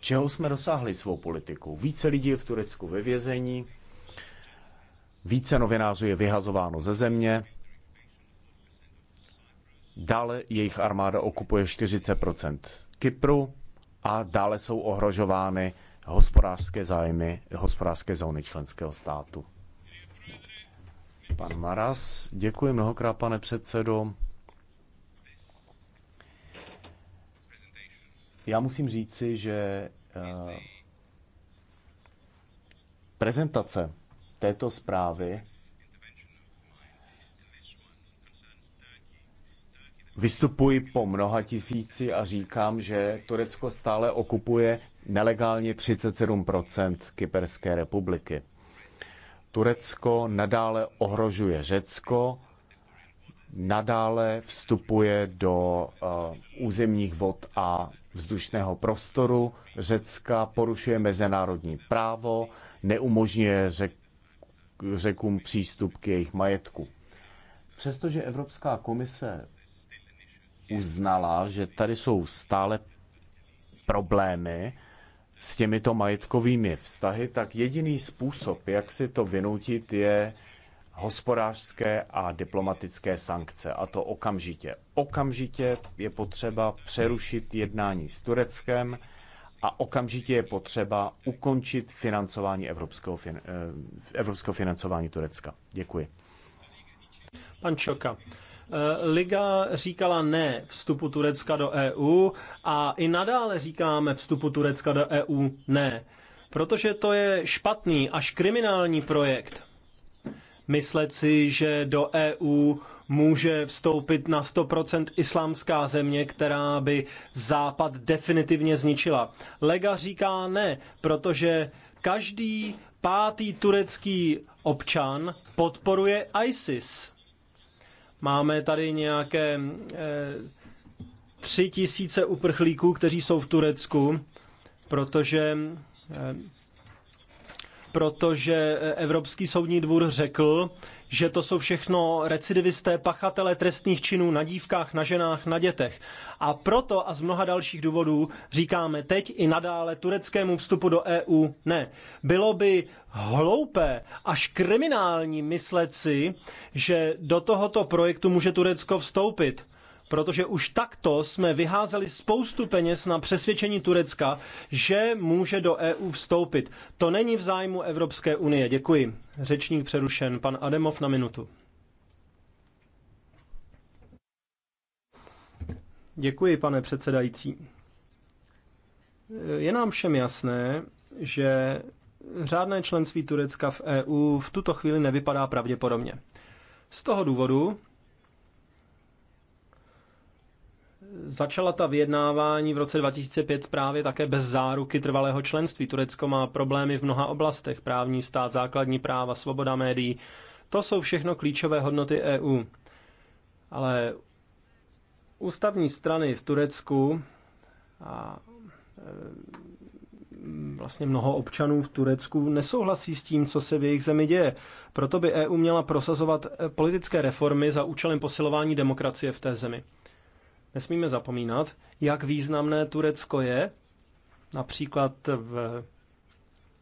Čeho jsme dosáhli svou politikou? Více lidí je v Turecku ve vězení, více novinářů je vyhazováno ze země, dále jejich armáda okupuje 40 Kypru a dále jsou ohrožovány hospodářské zájmy hospodářské zóny členského státu. Pan Maras, děkuji mnohokrát, pane předsedo. Já musím říci, že eh, prezentace této zprávy vystupuji po mnoha tisíci a říkám, že Turecko stále okupuje nelegálně 37 Kyperské republiky. Turecko nadále ohrožuje Řecko, nadále vstupuje do uh, územních vod a vzdušného prostoru Řecka, porušuje mezinárodní právo, neumožňuje řek, řekům přístup k jejich majetku. Přestože Evropská komise uznala, že tady jsou stále problémy s těmito majetkovými vztahy, tak jediný způsob, jak si to vynutit, je hospodářské a diplomatické sankce, a to okamžitě. Okamžitě je potřeba přerušit jednání s Tureckem a okamžitě je potřeba ukončit financování evropského, fin, eh, evropského financování Turecka. Děkuji. Pan Čoka. Eh, Liga říkala ne vstupu Turecka do EU a i nadále říkáme vstupu Turecka do EU ne, protože to je špatný až kriminální projekt myslet si, že do EU může vstoupit na 100% islámská země, která by Západ definitivně zničila. Lega říká ne, protože každý pátý turecký občan podporuje ISIS. Máme tady nějaké eh, tři tisíce uprchlíků, kteří jsou v Turecku, protože eh, protože Evropský soudní dvůr řekl, že to jsou všechno recidivisté pachatele trestných činů na dívkách, na ženách, na dětech. A proto a z mnoha dalších důvodů říkáme teď i nadále tureckému vstupu do EU ne. Bylo by hloupé až kriminální myslet si, že do tohoto projektu může Turecko vstoupit protože už takto jsme vyházeli spoustu peněz na přesvědčení Turecka, že může do EU vstoupit. To není v zájmu Evropské unie. Děkuji. Řečník přerušen. Pan Ademov na minutu. Děkuji, pane předsedající. Je nám všem jasné, že řádné členství Turecka v EU v tuto chvíli nevypadá pravděpodobně. Z toho důvodu začala ta vyjednávání v roce 2005 právě také bez záruky trvalého členství. Turecko má problémy v mnoha oblastech, právní stát, základní práva, svoboda médií. To jsou všechno klíčové hodnoty EU. Ale ústavní strany v Turecku a e, vlastně mnoho občanů v Turecku nesouhlasí s tím, co se v jejich zemi děje. Proto by EU měla prosazovat e, politické reformy za účelem posilování demokracie v té zemi. Nesmíme zapomínat, jak významné Turecko je, například v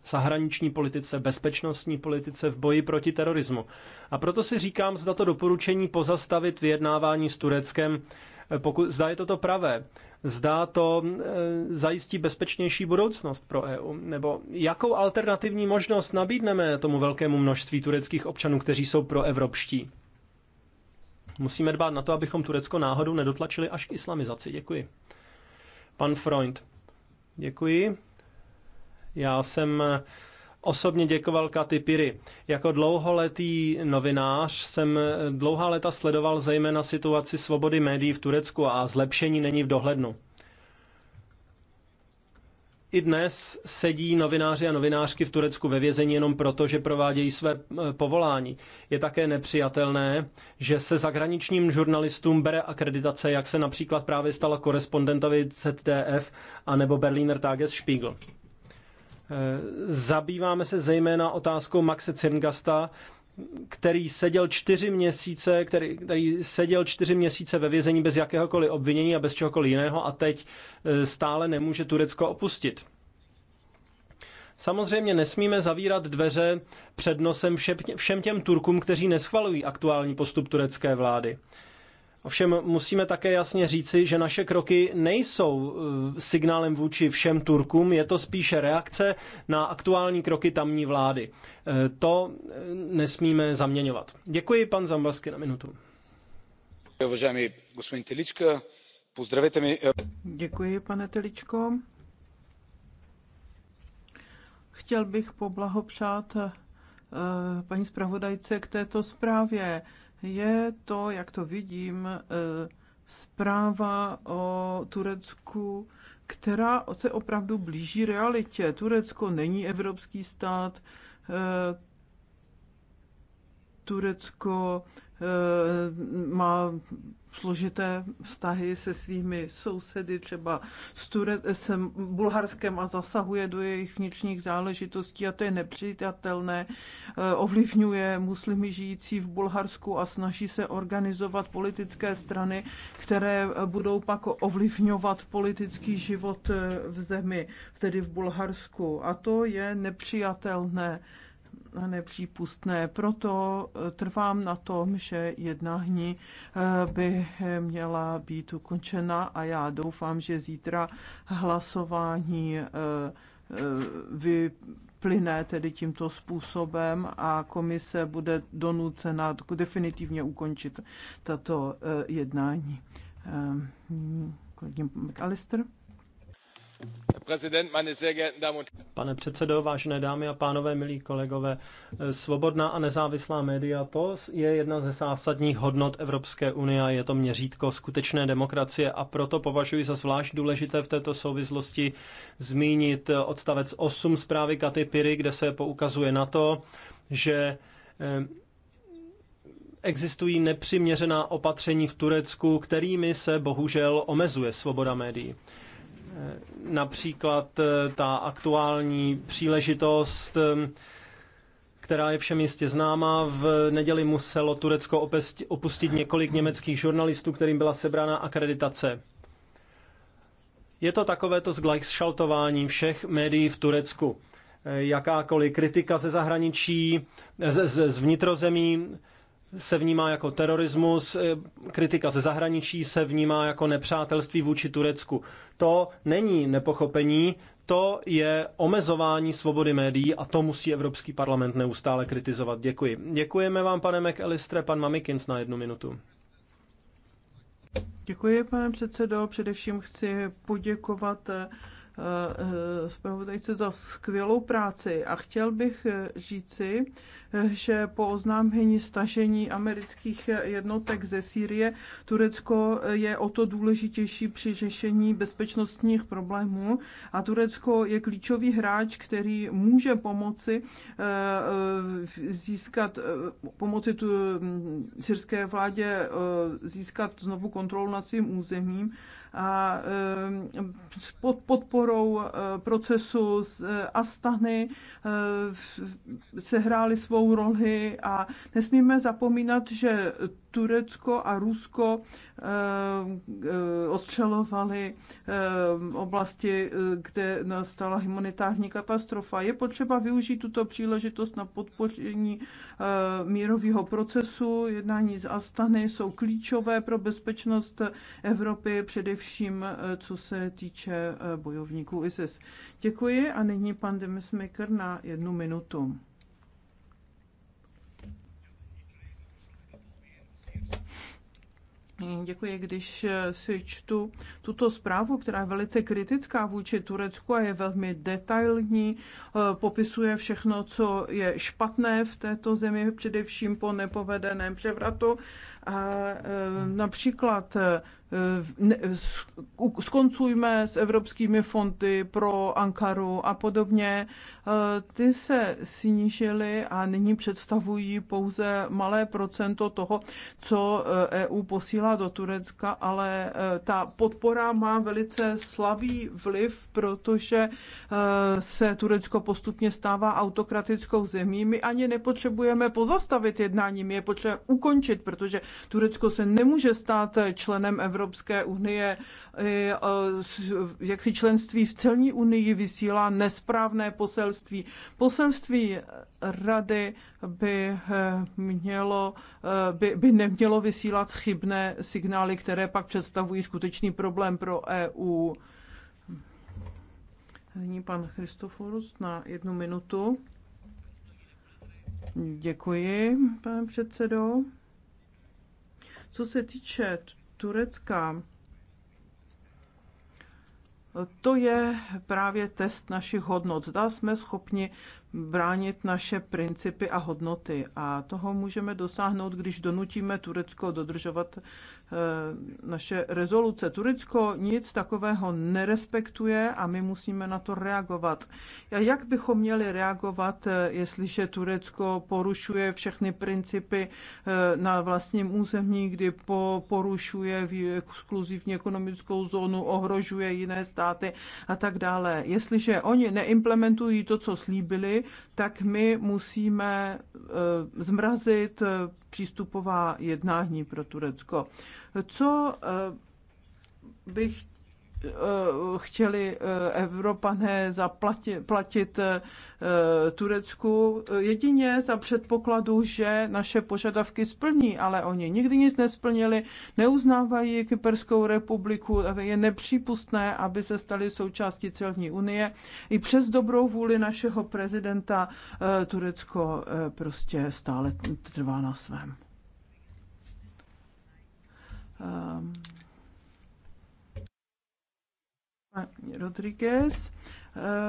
zahraniční politice, bezpečnostní politice, v boji proti terorismu. A proto si říkám, zda to doporučení pozastavit vyjednávání s Tureckem, eh, pokud, zda je toto pravé, zda to e, zajistí bezpečnější budoucnost pro EU, nebo jakou alternativní možnost nabídneme tomu velkému množství tureckých občanů, kteří jsou pro evropští. Musíme dbát na to, abychom Turecko náhodou nedotlačili až k islamizaci. Děkuji. Pan Freund. Děkuji. Já jsem osobně děkoval Katy Piry. Jako dlouholetý novinář jsem dlouhá léta sledoval zejména situaci svobody médií v Turecku a zlepšení není v dohlednu. I dnes sedí novináři a novinářky v Turecku ve vězení jenom proto, že provádějí své eh, povolání. Je také nepřijatelné, že se zahraničním žurnalistům bere akreditace, jak se například právě stala korespondentovi ZDF a nebo Berliner Tagesspiegel. Eh, zabýváme se zejména otázkou Maxe Cengasta, který seděl čtyři měsíce, který, který seděl čtyři měsíce ve vězení bez jakéhokoliv obvinění a bez čehokoliv jiného a teď e, stále nemůže Turecko opustit. Samozřejmě nesmíme zavírat dveře před nosem všem těm Turkům, kteří neschvalují aktuální postup turecké vlády. Ovšem musíme také jasně říci, že naše kroky nejsou eh, signálem vůči všem Turkům, je to spíše reakce na aktuální kroky tamní vlády. Eh, to eh, nesmíme zaměňovat. Děkuji, pan Zambasky, na minutu. Děkuji, pane Teličko. Chtěl bych poblahopřát paní zpravodajce k této zprávě je to, jak to vidím, e, zpráva o Turecku, která se opravdu blíží realitě. Turecko není evropský stát, e, Turecko e, má složité vztahy se svými sousedy, třeba s, Ture- eh, s Bulharskem a zasahuje do jejich vnitřních záležitostí a to je nepřijatelné. Eh, ovlivňuje muslimy žijící v Bulharsku a snaží se organizovat politické strany, které eh, budou pak ovlivňovat politický život v zemi, tedy v Bulharsku. A to je nepřijatelné nepřípustné. Proto eh, trvám na tom, že jednání eh, by měla být ukončena a já doufám, že zítra hlasování eh, vyplyne tedy tímto způsobem a komise bude donucena definitivně ukončit tato jednání. Hm, kolegyně McAllister? Pane předsedo, vážené dámy a pánové, milí kolegové, svobodná a nezávislá média, to je jedna ze zásadních hodnot Evropské unie a je to měřítko skutečné demokracie a proto považuji za zvlášť důležité v této souvislosti zmínit odstavec 8 zprávy Katy Piry, kde se poukazuje na to, že eh, existují nepřiměřená opatření v Turecku, kterými se bohužel omezuje svoboda médií. Eh, například eh, ta aktuální příležitost, eh, která je všem jistě známá, v neděli muselo Turecko opustit několik německých žurnalistů, kterým byla sebrána akreditace. Je to takovéto zglajšaltování všech médií v Turecku. Jakákoliv kritika ze zahraničí, z, z, z vnitrozemí, se vnímá jako terorismus, eh, kritika ze zahraničí se vnímá jako nepřátelství vůči Turecku. To není nepochopení, to je omezování svobody médií a to musí Evropský parlament neustále kritizovat. Děkuji. Děkujeme vám, pane McAllistre, pan Mamikins na jednu minutu. Děkuji, pane předsedo. Především chci poděkovat eh, Eh, zpravodajce za skvělou práci a chtěl bych eh, říci, eh, že po oznámení stažení amerických jednotek ze Sýrie Turecko je o to důležitější při řešení bezpečnostních problémů a Turecko je klíčový hráč, který může pomoci získat, pomoci tu mm, syrské vládě získat znovu kontrolu nad svým územím a eh, pod podporou eh, procesu z eh, Astany sehrály svou roli a nesmíme zapomínat, že Turecko a Rusko eh, eh, ostřelovali eh, oblasti, kde nastala humanitární katastrofa. Je potřeba využít tuto příležitost na podpoření mírového procesu. Jednání z Astany jsou klíčové pro bezpečnost Evropy, především co se týče bojovníků ISIS. Děkuji a nyní pan Demesmaker na jednu minutu. Mm, děkuji, když eh, si čtu tuto zprávu, která je velice kritická vůči Turecku a je velmi detailní, eh, popisuje všechno, co je špatné v této zemi, především po nepovedeném převratu. A eh, například eh, skoncujme s evropskými fondy pro Ankaru a podobně. Eh, ty se snížily a nyní představují pouze malé procento toho, co EU e posílá do Turecka, ale ta podpora má velice slabý vliv, protože se Turecko postupně stává autokratickou zemí. My ani nepotřebujeme pozastavit jednání, my je potřebujeme ukončit, protože Turecko se nemůže stát členem Evropské unie, e, jak si členství v celní unii vysílá nesprávné poselství. Poselství rady by e, mělo, e, by, by nemělo vysílat chybné signály, které pak představují skutečný problém pro EU. Nyní pan Christoforus na jednu minutu. Děkuji, pane předsedo. Co se týče Turecka, to je právě test našich hodnot. Zda jsme schopni bránit naše principy a hodnoty. A toho můžeme dosáhnout, když donutíme Turecko dodržovat eh, naše rezoluce. Turecko nic takového nerespektuje a my musíme na to reagovat. A jak bychom měli reagovat, eh, jestliže Turecko porušuje všechny principy eh, na vlastním území, kdy porušuje exkluzivní ekonomickou zónu, ohrožuje jiné státy a tak dále. Jestliže oni neimplementují to, co slíbili, tak my musíme eh, zmrazit eh, přístupová jednání pro Turecko. Co eh, bych Eh, chtěli eh, Evropané zaplatit platit eh, Turecku jedině za předpokladu, že naše požadavky splní, ale oni nikdy nic nesplnili, neuznávají Kyperskou republiku, je nepřípustné, aby se stali součástí celní unie. I přes dobrou vůli našeho prezidenta Turecko prostě stále trvá na svém. Um Paní Rodriguez.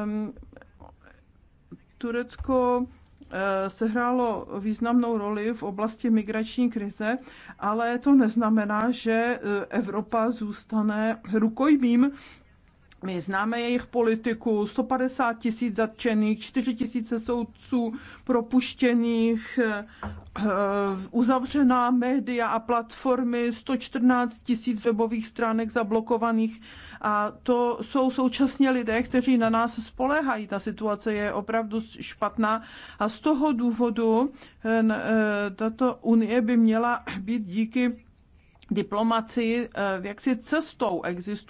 Um, Turecko eh, sehrálo významnou roli v oblasti migrační krize, ale to neznamená, že eh, Evropa zůstane rukojmím my známe jejich politiku, 150 tisíc zatčených, 4 tisíce soudců propuštěných, eh, eh, uzavřená média a platformy, 114 tisíc webových stránek zablokovaných. A to jsou současně lidé, kteří na nás spolehají. Ta situace je opravdu špatná a z toho důvodu eh, tato unie by měla být díky diplomaci jaksi cestou existuje.